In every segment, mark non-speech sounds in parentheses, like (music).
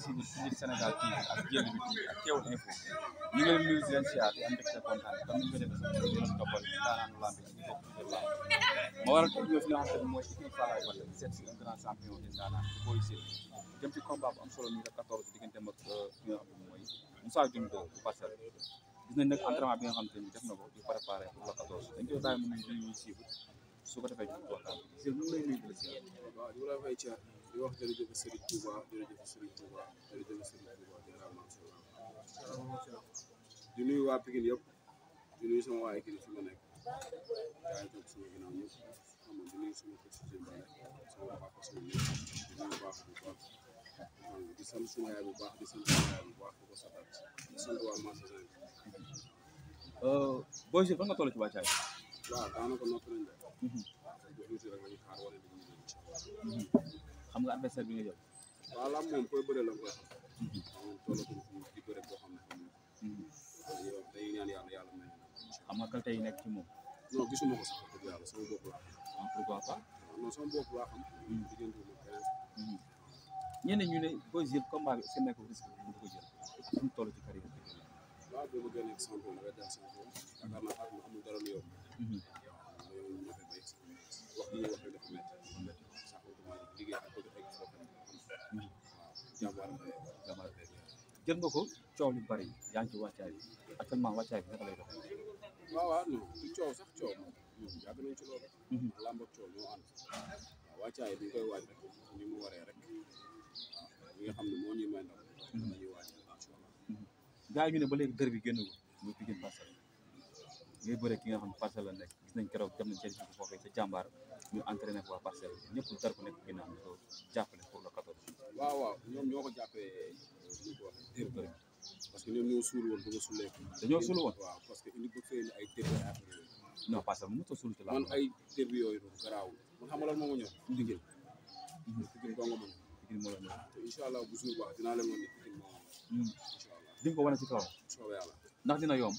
si biir Sénégal TV a Jël bi TV ak Kewel Info ñu ngi leen nuyu di leen siyaar di am mbégte kontaan comme ni ñu ko defee sax di leen toppal daanaanu lamb bi ak ñu bokk ci lamb ma waral tey ñëw fi nga xam ne mooy équipe Falaye Baldé seet si am solo ñu def 14 diggante ak euh, ki nga xam ne mooy Moussa Dioundo bu Parcelles gis nañ nag entraînement bi nga ni def na ko di préparé pour la 14 dañ koy bàyyi mu nuyu ñuy suivre su si ñu lay nuyu di la di wax jërëjëf Serigne Touba jërëjëf Serigne Touba jërëjëf Serigne Touba jaaraama di nuyu waa Pikine yëpp di nuyu sama waa équipe fi ma nekk yaa ngi toog sama ginnaaw ñëpp xam nga di nuyu sama kër si jëm sama papa sama ñëpp di nuyu baax bu baax di sant sama yaay bu baax di sant sama yaay bu baax di ko satal di sant waa Manchester euh, Boy Jules fan nga toll ci wàccaay waaw daanaka noppi nañ de mhm. xam nga adversaire bi nga jël. waaw lam moom koy bëre la koy mhm. xam. moom tollatuñu di yàlla yàlla may xam nekk ci moom. non gisuma ko sax wax dëgg yàlla sama bopp laa xam. Ah, pourquoi pas. non sama xam. Mhm. diggante wu ma mhm. ñenn ñu ne booy jël combat bi seen nekk risque bi mu ko jël ak mu toll ci carrière bi. waaw boo bëggee jël nga ko coow lu bari yaa ngi ci wàccaay bi actuellement wàccaay bi naka lay doxee. waaw waaw non du coow sax coow moom yàgg nañ ci loolu. làmb ak coow ñoo ànd. waaw wàccaay bi ñu koy waaj rek ni mu waree rek waaw li nga xam ne moo ñuy may ndaw. dañuy waaj incha allah. gars yi ñu ne ba léegi dër bi génnagul ñu fi gën parcelle ngay bëre ki nga xam ne parcelle la nekk gis nañ keroog dem nañ seeti ko foofu ca jàmbaar ñu entraîné ko waa parcelle ñëpp dar ko nekk ginnaaw ñu ko jàppale pour le ñoom ñoo ko jàppee parce que ñoom ñoo suul woon ba nga dañoo suul woon waaw parce que indi ba fee ay dër ay affaire yooyu. non la. man ay dër bi yooyu noonu garaawul. man xam nga lan moo ma ñor. ndigal. Mhm. ndigal dong ma ñor. ndigal moo la ñor. te incha allah bu suur baax dinaa leen wan ne ndigal moo ma ñor. Mhm. incha allah di nga ko wane ci kaw. soobee yàlla ndax dina yomb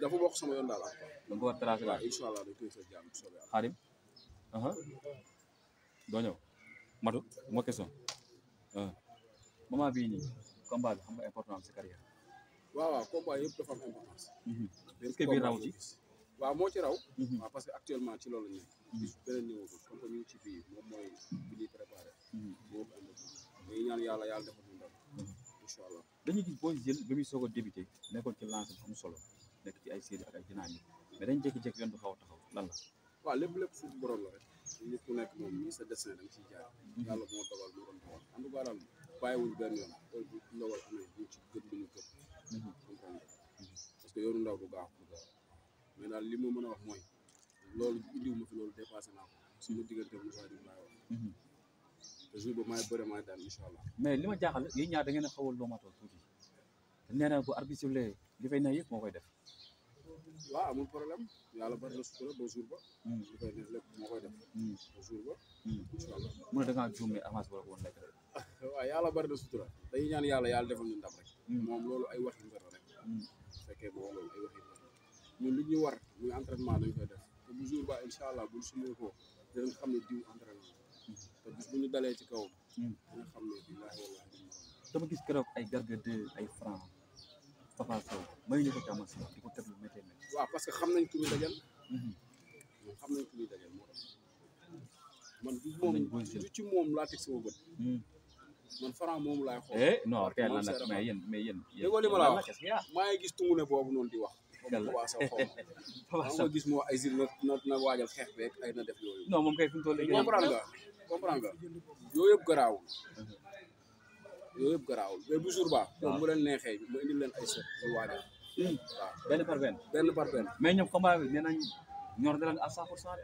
dafa bokk sama yoon daal da nga ko war a tracé waat incha allah dañ koy fekk uh-huh. matu moo question uh-huh. moment bii nii combat bi xam nga important si carrière waaw waaw combat mm-hmm. raw ci waaw moo ci raw mm-hmm. waaw parce que actuellement ci loolu la mm-hmm. ci bii moom mooy bi ñuy préparé yàlla yàlla defal ñu ndam incha allah dañuy gis jël ba muy soog a débuté nekkoon ci lancé am solo dëkk ci ay séeréer ak ay jinaan yi mais dañ jékki-jékki yoon bu xaw a taxaw lan la waaw lépp lépp fu borom la rek nit ku nekk moom nii sa des da nga si jaar mhm. yàlla moo dogal moo doon dogal en tout cas daal bàyyiwuñ benn yoon loolu bu ndogal amee mhm. parce que yoonu ndaw bu baax bu gaaw mais daal li ma mën a wax mooy loolu indiw ma fi loolu dépassé naa ko suñu mu saa di bàyyi wax mhm. te jour boobu maay bëre maay daan mais li ma jaaxal yéen ñaar da ngeen a xawal loo maatool tuuti te nee na bu arbitre bi li ne yëpp moo koy def waaw amul problème yàlla bari na sutura ba jour ba. li koy def moo koy def. Hmm. ba jour ba. Hmm. incha allah mu ne da ngaa juumee avance wala woon lekk (laughs) yàlla bari sutura dañuy ñaan yàlla yàlla defal ñu ndam rek. Hmm. moom loolu ay waxi mbir la rek. su fekkee moom loolu ay waxi koy def te bu jour ba incha allah buñ sumee ko dinañ xam ne diw entraînement te bis bu ñu dalee ci kaw dinañ xam ne billaahi wallaahi dama gis keroog ay gargaare ay franc. Papa Sow mayuñu ko càmm si ko teg lu méttee métti. waaw parce que xam nañ ku ñuy dajal. moom xam nañ ku ñuy moo tax man du laa teg sama hmm. man Franc moom laay xool. Eh, non na nag mais yéen mais yéen. déggoo li ma la maa ngi gis tungu boobu noonu di wax. (laughs) nga gis moo ay zil na na waajal xeex beeg na def yooyu. non moom kay fi mu toll yëpp garaawul. Uh-huh. yooyu yëpp garaawul mais bu jour ba moom ah. bu leen neexee mu indil leen ay sët ñu waajal hmm. waaw benn par benn benn par benn mais ñoom combat bi nee nañ ñor na leen à cent pour cent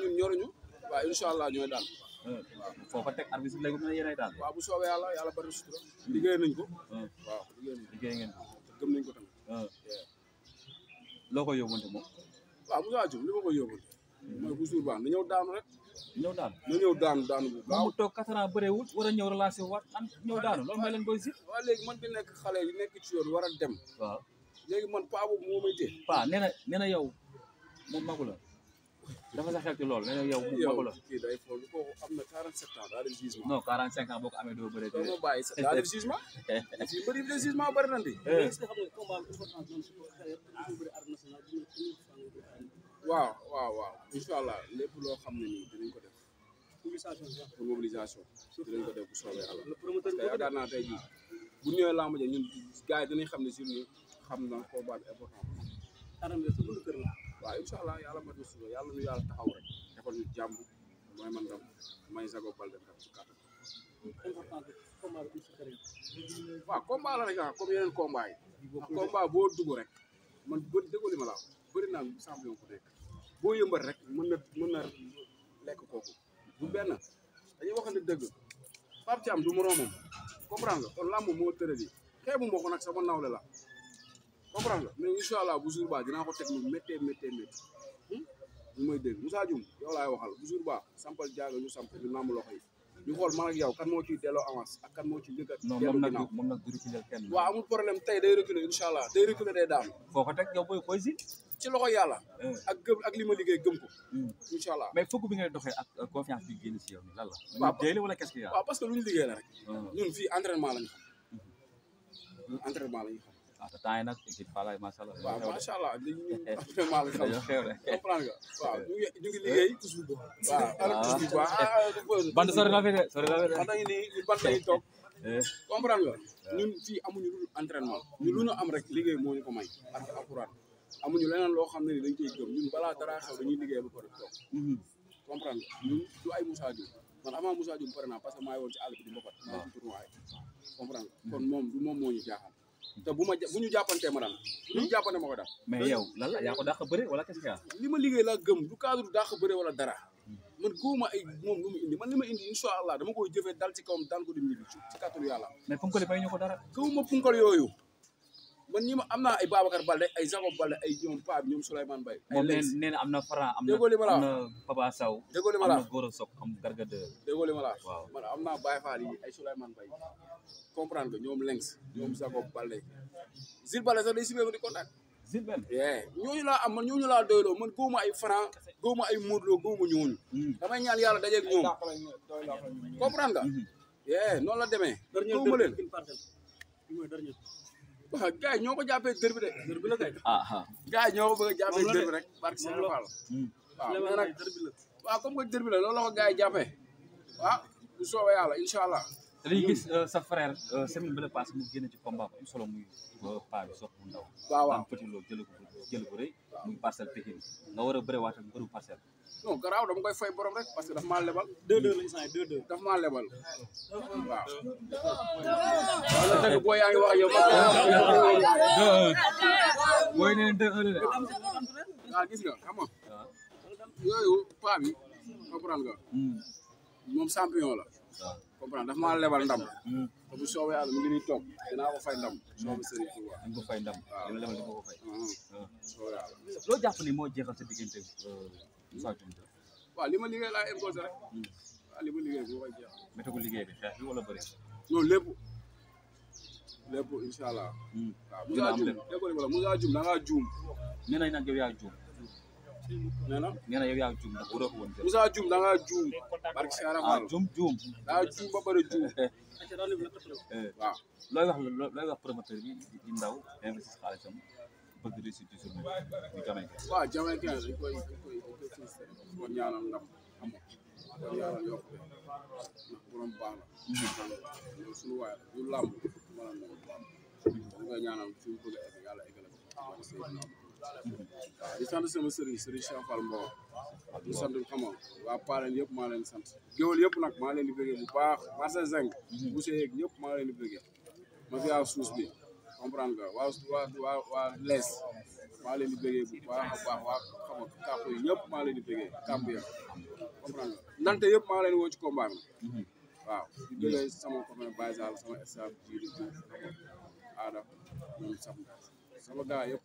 ñun ñoruñu waaw ñooy daan hmm. waaw foo ko teg arbitre bi léegi mu ne yéenay daan waaw bu soobee yàlla yàlla bari sutura liggéey nañ ko hmm. waaw liggéey ngeen ko gëm nañ ko tamit loo ko yóbbante moom waaw ba na ñëw daanu rek ñëw daanu na ñëw daanu daanu bu baax mu toog quatre ans bëreewul a ñëw relancé waat am ñëw daanu loolu may leen koy si waaw léegi man bi nekk xale yi nekk ci yoon war a dem waaw léegi man paa boobu moo may tee paa nee na nee na yow moom magu la dafa sa xel ci loolu nee na yow moom magu la kii day foofu na quarante sept ans daa def jugement non quarante cinq ans boo ko amee doo bëree doo ma bàyyi sax daa (laughs) waaw waaw waaw incha allah lépp loo xam ne nii dinañ ko def. mobilisation pour mobilisation dinañ ko def bu soobee yàlla. parce que yaakaar naa tey jii bu ñëwee làmb xam ne suñu xam na combat bi important. waaw incha allah yàlla ma déglu yàlla nu yàlla taxaw rek defal ñu jàmm mooy man dam may Zago Baldé def ci kàttan. waaw combat la rek ah comme yeneen combat yi. boo dugg rek man bu déggoo ma bëri naa champion bu nekk boo yëmbal rek mën na mën na lekk kooku bu benn dañuy waxante dëgg Pape Thiam du moroomam comprendre nga kon làmb moo tëral yi xeebu moo ko nag sama nawle la comprendre nga mais incha allah bu jour ba dinaa ko teg lu méttee méttee métti ñu hmm? may dégg laay waxal bu jour ba sampal jaaga ñu samp ñu nàmm loxo yi ñu xool man ak yow kan moo ciy delloo avance ak kan moo ciy lëkkat. non moom nag moom problème tey day reculer incha day reculer day daal. foo ko teg yow booy ci loxo yalla hmm. ak gëm ak lima ma liggéey gëm ko hmm. inshallah mais fukk bi ngay doxé ak euh, confiance bi génn si yow ni lan la waaw wala qu'est-ce qu'il y a parce que luñu ñu liggéey la rek hmm. ñun fi entraînement lañu xam entraînement lañu xam ah te temps yi nag équipe Falaye macha allah ma sha allah ni ñu (laughs) entraînement la ñu xam comprendre nga waaw ñu ngi ñu ngi liggéey tous bu baax waaw tous bu baax band sori na fi de sori na fi de xam ni ñu band lañu tok eh. comprendre nga eh. ñun fii amuñu entraînement ñu luñu am rek liggéey moñu ko may ak alcorane amuñu leneen loo xam ne ni dañ koy gëm ñun balaa dara xew dañuy liggéey ba pare toog mhm. comprendre ñun du ay Moussa Dioum man avant Moussa Dioum pare naa parce que maay woon ci àll bi di mbapat ma ah. ci tournoi comprendre mhm. kon moom du moom moo ñu jaaxal mhm. te bu ma bu ñu jàppantee ma daan bu hmm? ñu jàppante ma ko daan mais yow lan la yaa ko dàq bëre wala qu'est-ce que li ma liggéey laa gëm du cadre dàq bëre wala dara man góoma ay moom lu mu indi man li ma indi incha allah dama koy jëfee dal ci kawam daan ko di ñibbi ci kàttanu yàlla mais punkal yi may ñu ko dara gëwuma punkal yooyu man ñi ma am naa ay Babacar Balde ay Jacob Balde ay ñoom Pape ñoom Souleymane Mbaye. ay léegi moom nee na am na Franc am na am na Papa Sow. déggoo li ma la am na ma la waaw man am naa Baye Fall yi ay Souleymane Mbaye comprendre que ñoom Lengs ñoom Jacob Balde. Zil Balde sax day sibeeku di contact. Zil Balde ñooñu laa am man ñooñu laa doyloo man góoma ay Franc góoma ay Modou Lo góoma ñooñu. Mm. damay ñaan yàlla dajeeg ñoom comprendre nga. Mm-hmm. noonu la demee. waaw gars ñoo ko jàppee dër bi de dër bi la kay. Ah, ah. gars yi ñoo ko bëgg a jàppee dër bi rek. barke Sëriñ Fall hmm. waaw mais nag waaw comme que dër bi la loolu ko gars yi jàppee waaw bu soobee yàlla incha allah. dañuy gis sa frère semaine bële paase mu génn ci combat bu solo muy paa bi sox bu ndaw. waaw waaw petit loo jël ko jël ko rëy muy parcelle Pikine nga war a bëre waat ak mbëru parcelle. non garaaw dama koy fay borom rek parce que daf maa lebal. 2-2 lañ saa 2-2 daf maa lebal. waaw. wala dëgg boo yaa ngi wax yow. booy nee 2-1 la. waaw gis nga xam nga. yooyu paa bi comprendre nga. moom champion la. comprendre dafa ma lebal ndam hmm. te bu soobee yàlla mu ngi nii toog dinaa ko fay ndam soobu sëriñ fay ndam dina lebal dafa ko fay voilà hmm. hmm. loo jàpp ni moo jeexal sa diggante Moussa euh, Dioum waaw li ma liggéey laa imposé rek waaw li ma liggéey bi ma koy jeexal métti ko bi xeex bi wala bëri non lépp lépp incha allah waaw Moussa Dioum dégg nga Moussa Dioum da ngaa juum nee nee na nee na yow yaa juum ndax waroo ko woon Moussa juum da ngaa juum barke si ah juum juum da ngaa juum ba pare juum (laughs) (laughs) eh, waaw looy wax looy wax promoteur bi di ndaw investir xaalisam bëgg réussite ci mm-hmm. a a waaw di sama sëriñ sëriñ Cheikh Fall Mbow di sant xama waa Paalen yëpp maa leen sant géwal yëpp nag maa leen di bëggee bu baax marché zinc monsieur yeeg ñëpp maa leen di bëggee ma fi suus bi comprendre nga waa waa waa lees maa leen di bëggee bu baax a baax waa xama kàpp ñëpp maa leen di bëggee kàpp yëpp comprendre nga yëpp maa leen woo ci combat waaw di sama commune Baye Sall sama staff ji di Diouf aada sama gars yëpp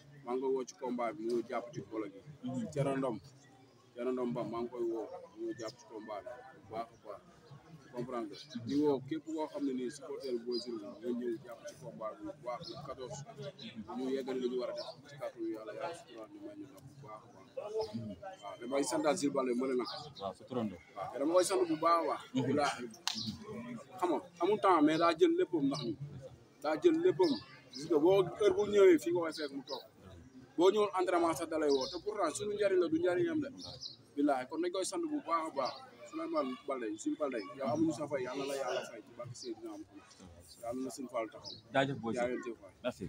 maa ngi koy woo ci combat bi ñu jàpp ci bolo gi. Thierno Ndom Thierno Ndom Ba maa ngi koy woo ñu jàpp ci combat bi bu baax a baax comprendre nga di woo képp koo xam ne nii supporter Boy Jules nga ñëw jàpp ci combat bi bu baax bu 14 ñu yeggali li ñu war a def ci kàttu yàlla yàlla sutura ñu may ñu nag bu baax a baax waaw damay santaat Jules Baldé ma ne nag waaw sa turando waaw dama koy sant bu baax a baax mhm. bila xam nga amul temps mais daa jël léppam ndax ñu daa jël léppam gis nga boo heure bu ñëwee fii nga koy fekk mu toog boo ñëwoon entraînement sax dalay woo te pourtant suñu njëriñ la du njëriñam de billaahi kon nañ koy sant bu baax a baax Souleymane Baldé suñu Baldé yow amuñu sa fay yàlla la yàlla fay ci barke Seydina am yàlla na suñu Fall taxaw jaajëf booy jaajëf merci